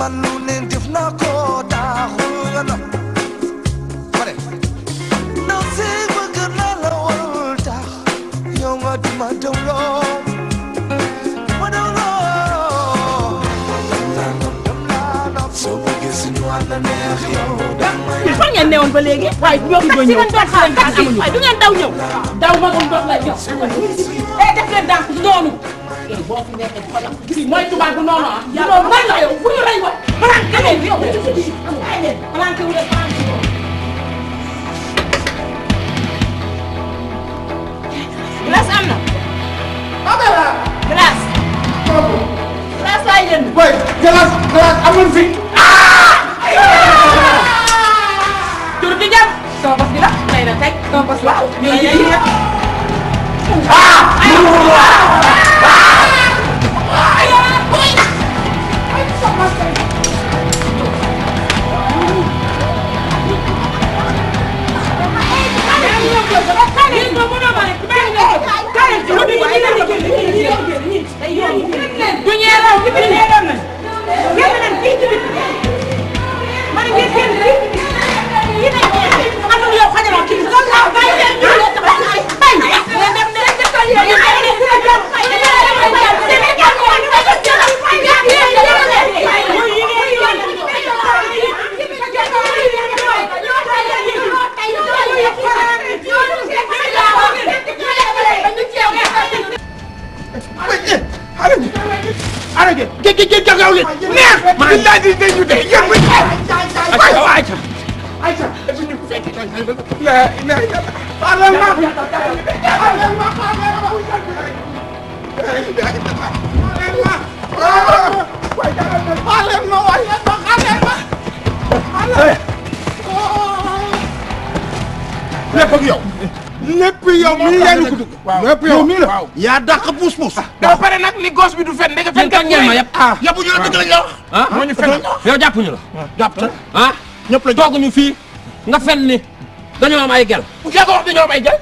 man lu ne def naa ko daaxul nga ma ne ndaw si bëgg naa la warul tax yow nga ma dawloo ma laa nopp daw ma doon doon la ñëw moo fi nekk xoolal. gis mooy tubaab bu noonu ah. yàlla mooy la yow fu ñu rey wa. planqué leen yow ci ci biir amul ay leen planqué wu leen glace am na. ok waaw. glace. glace laay jënd. booy glace glace amul fi. aywa. Ah! jur gi jàpp. sama bos bi la. may na teg. sama bos waaw. arrêté jéggi jéggi jagaw leen neex maa ngi laaj dañu de yéen bu ayca ayca ayca la la parle ma parle ma parle ma lépp ak yow. lépp yow mii yaa ñu ko dugg. waaw lépp yow mii la. yaa dàq puus puus. waaw pare nag ni gos bi du fen ndeke fen kat ngeen ma yëpp. ah, ah. ah. ah. ñu la dëgg ñu wax. fii nga fen ni dañoo am ay gel. yaa ko wax dañoo am ay gel.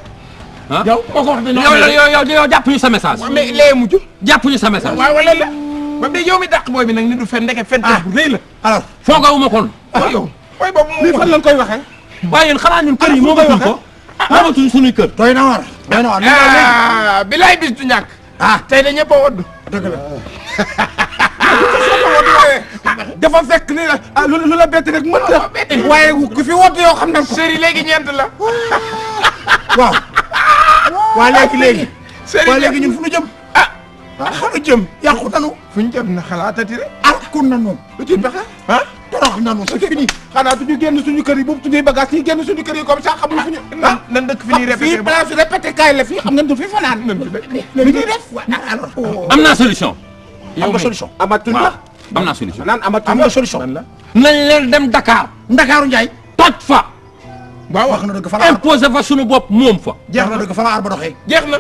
ah yow moo ko wax sa message. mais lee mujj. jàppuñu sa message. waaw wala la. ba de yow mi dàq booy bi nag ni du fen ndeke fen kat bu rëy la. alors foogawuma kon. waaw yow. booy boobu moom mooy fan lañ koy waxee. waaye yéen xanaa ñun kër yi moo amatuñ suñuy kër. doy na war doy na war. ah bilaay bis du ñàkk. Ah. tey de ñëpp a wodd. dëgg dafa fekk ni ah, la lu la bett rek mën la. ku fi wodd yoo xam na ko. sëri léegi ñeent la. waaw. waa léegi léegi. sëri waa léegi ñun fu ñu jëm. ah xanu ah, jëm yàqu nanu. fu jëm na xalaatati rek. ah kun na noonu. lu ci pexe. wax nanu c'est fini xanaa du ñu génn suñu kër yi boobu suñuy bagage ñuy génn suñu kër yi comme ça xamuñu fu ñu nan ah, dëkk fi ñuy ah, répété fii place répété kaay la fii xam nga du fi fanaan li ñuy def ah, alors oh. am naa solution am nga solution amatul la am naa solution naan amatul am nga solution nañ leen dem Dakar Ndakaaru Njaay toj fa waaw wax na dëgg fa la imposé fa suñu bopp moom fa jeex na dëgg fa la aar ba doxee jeex na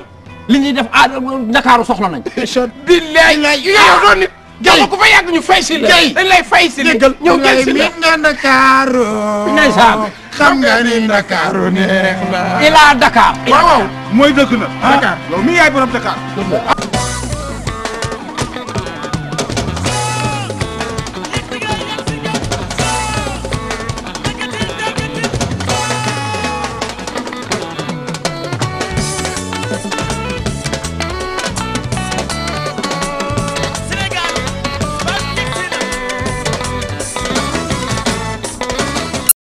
li ñuy def aar Ndakaaru soxla nañ billaay yow doon nit gay ku yàgg ñu fay gay dañ lay gay si la nga Ndakaaru ndeysaan xam nga ni na ilaa Dakar waaw waaw mooy dëkk na ah. Dakar mi yaay